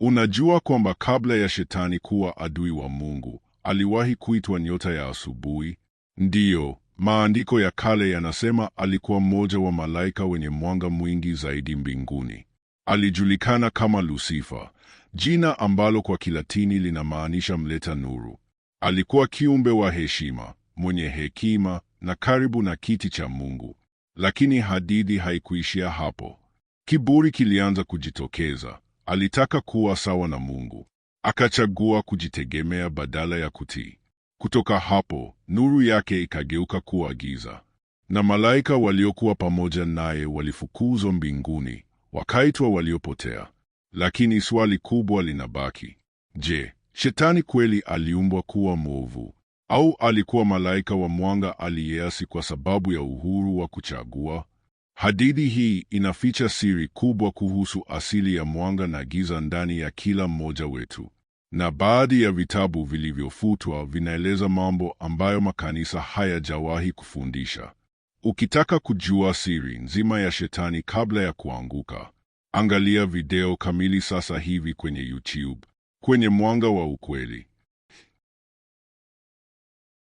Unajua kwamba kabla ya shetani kuwa adui wa Mungu, aliwahi kuitwa nyota ya asubuhi? Ndiyo, maandiko ya kale yanasema alikuwa mmoja wa malaika wenye mwanga mwingi zaidi mbinguni. Alijulikana kama Lusifa, jina ambalo kwa Kilatini linamaanisha mleta nuru. Alikuwa kiumbe wa heshima, mwenye hekima na karibu na kiti cha Mungu. Lakini hadithi haikuishia hapo. Kiburi kilianza kujitokeza. Alitaka kuwa sawa na Mungu, akachagua kujitegemea badala ya kutii. Kutoka hapo nuru yake ikageuka kuwa giza, na malaika waliokuwa pamoja naye walifukuzwa mbinguni, wakaitwa waliopotea. Lakini swali kubwa linabaki: je, shetani kweli aliumbwa kuwa mwovu au alikuwa malaika wa mwanga aliyeasi kwa sababu ya uhuru wa kuchagua? Hadithi hii inaficha siri kubwa kuhusu asili ya mwanga na giza ndani ya kila mmoja wetu, na baadhi ya vitabu vilivyofutwa vinaeleza mambo ambayo makanisa hayajawahi kufundisha. Ukitaka kujua siri nzima ya shetani kabla ya kuanguka, angalia video kamili sasa hivi kwenye YouTube kwenye Mwanga wa Ukweli.